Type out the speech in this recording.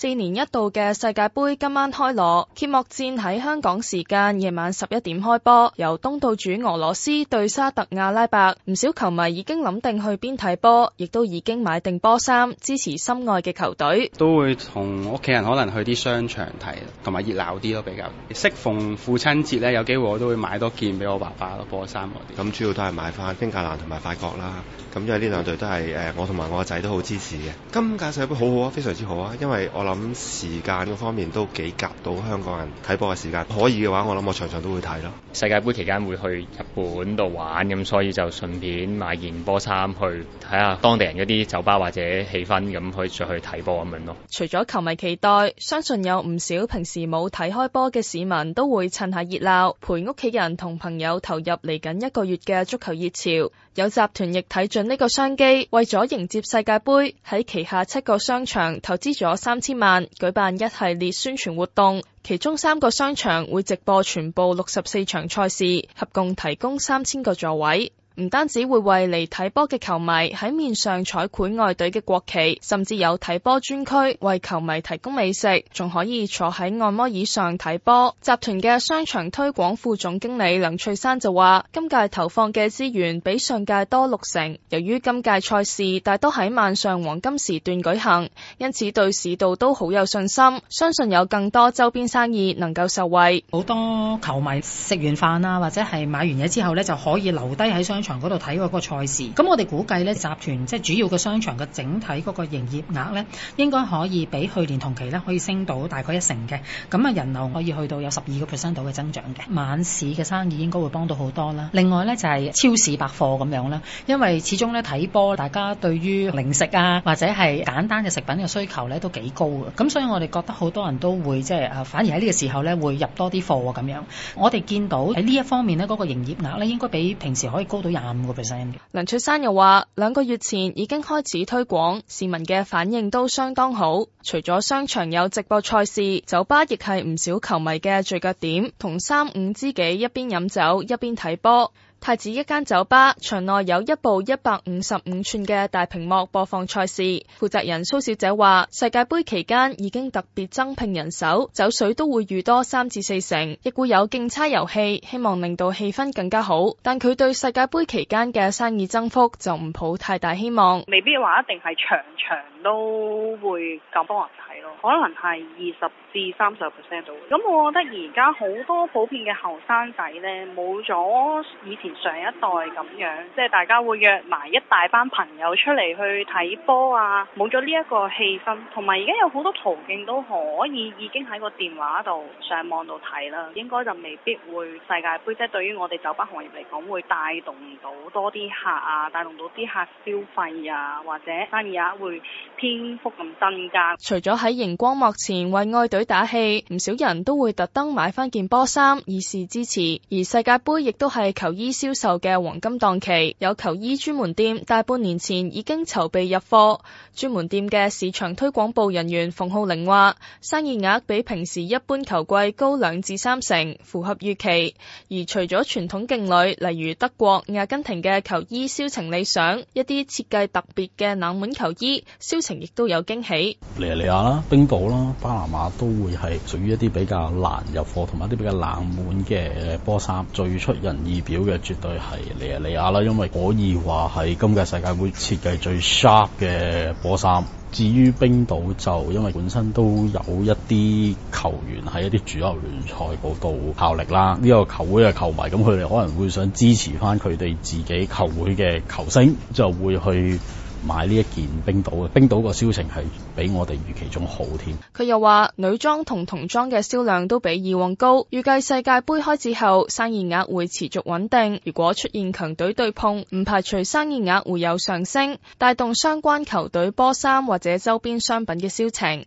四年一度嘅世界盃今晚開鑼，揭幕戰喺香港時間夜晚十一點開波，由東道主俄羅斯對沙特阿拉伯。唔少球迷已經諗定去邊睇波，亦都已經買定波衫支持心愛嘅球隊。都會同屋企人可能去啲商場睇，同埋熱鬧啲咯比較。適逢父親節呢，有機會我都會買多件俾我爸爸嘅波衫嗰啲。咁主要都係買翻冰格蘭同埋法國啦。咁因為呢兩隊都係誒，我同埋我仔都好支持嘅。今屆世界盃好好啊，非常之好啊，因為我。諗時間嗰方面都幾夾到香港人睇波嘅時間，可以嘅話，我諗我場場都會睇咯。世界杯期間會去日本度玩咁，所以就順便買件波衫去睇下當地人嗰啲酒吧或者氣氛咁，可以再去睇波咁樣咯。除咗球迷期待，相信有唔少平時冇睇開波嘅市民都會趁下熱鬧，陪屋企人同朋友投入嚟緊一個月嘅足球熱潮。有集團亦睇準呢個商機，為咗迎接世界杯，喺旗下七個商場投資咗三千。舉辦一系列宣傳活動，其中三個商場會直播全部六十四場賽事，合共提供三千個座位。唔單止會為嚟睇波嘅球迷喺面上彩繪外隊嘅國旗，甚至有睇波專區為球迷提供美食，仲可以坐喺按摩椅上睇波。集團嘅商場推廣副總經理梁翠珊就話，今屆投放嘅資源比上屆多六成。由於今屆賽事大多喺晚上黃金時段舉行，因此對市道都好有信心，相信有更多周邊生意能夠受惠。好多球迷食完飯啦，或者係買完嘢之後呢，就可以留低喺商場。場度睇個賽事，咁我哋估計呢集團即係主要嘅商場嘅整體嗰個營業額呢，應該可以比去年同期呢可以升到大概一成嘅，咁啊人流可以去到有十二個 percent 度嘅增長嘅，晚市嘅生意應該會幫到好多啦。另外呢，就係超市百貨咁樣啦，因為始終呢睇波，大家對於零食啊或者係簡單嘅食品嘅需求呢都幾高嘅，咁所以我哋覺得好多人都會即係反而喺呢個時候呢會入多啲貨啊咁樣。我哋見到喺呢一方面呢，嗰個營業額咧應該比平時可以高到三個 percent。梁卓山又話，兩個月前已經開始推廣，市民嘅反應都相當好。除咗商場有直播賽事，酒吧亦係唔少球迷嘅聚腳點，同三五知己一邊飲酒一邊睇波。太子一間酒吧，場內有一部一百五十五寸嘅大屏幕，播放賽事。負責人蘇小姐話：世界杯期間已經特別增聘人手，酒水都會預多三至四成，亦會有競猜遊戲，希望令到氣氛更加好。但佢對世界杯期間嘅生意增幅就唔抱太大希望，未必話一定係場場都會咁多人睇咯，可能係二十至三十 percent 度。咁我覺得而家好多普遍嘅後生仔呢，冇咗以前。上一代咁樣，即係大家會約埋一大班朋友出嚟去睇波啊！冇咗呢一個氣氛，同埋而家有好多途徑都可以已經喺個電話度、上網度睇啦。應該就未必會世界杯，即係對於我哋酒吧行業嚟講，會帶動到多啲客啊，帶動到啲客消費啊，或者生意啊，會天幅咁增加。除咗喺熒光幕前為愛隊打氣，唔少人都會特登買翻件波衫以示支持。而世界杯亦都係球衣銷售嘅黃金檔期，有球衣專門店大半年前已經籌備入貨。專門店嘅市場推廣部人員馮浩玲話，生意額比平時一般球季高兩至三成，符合預期。而除咗傳統勁旅，例如德國、阿根廷嘅球衣銷情理想，一啲設計特別嘅冷門球衣銷情亦都有驚喜。尼日利亞啦、冰島啦、巴拿馬都會係屬於一啲比較難入貨，同埋一啲比較冷門嘅波衫，最出人意表嘅。絕對係尼日利亞啦，因為可以話係今屆世界盃設計最 sharp 嘅波衫。至於冰島就因為本身都有一啲球員喺一啲主流聯賽嗰度效力啦，呢個球會嘅球迷咁，佢哋可能會想支持翻佢哋自己球會嘅球星，就會去。買呢一件冰島嘅冰島個銷情係比我哋預期中好添。佢又話女裝同童裝嘅銷量都比以往高，預計世界杯開始後生意額會持續穩定。如果出現強隊對碰，唔排除生意額會有上升，帶動相關球隊波衫或者周邊商品嘅銷情。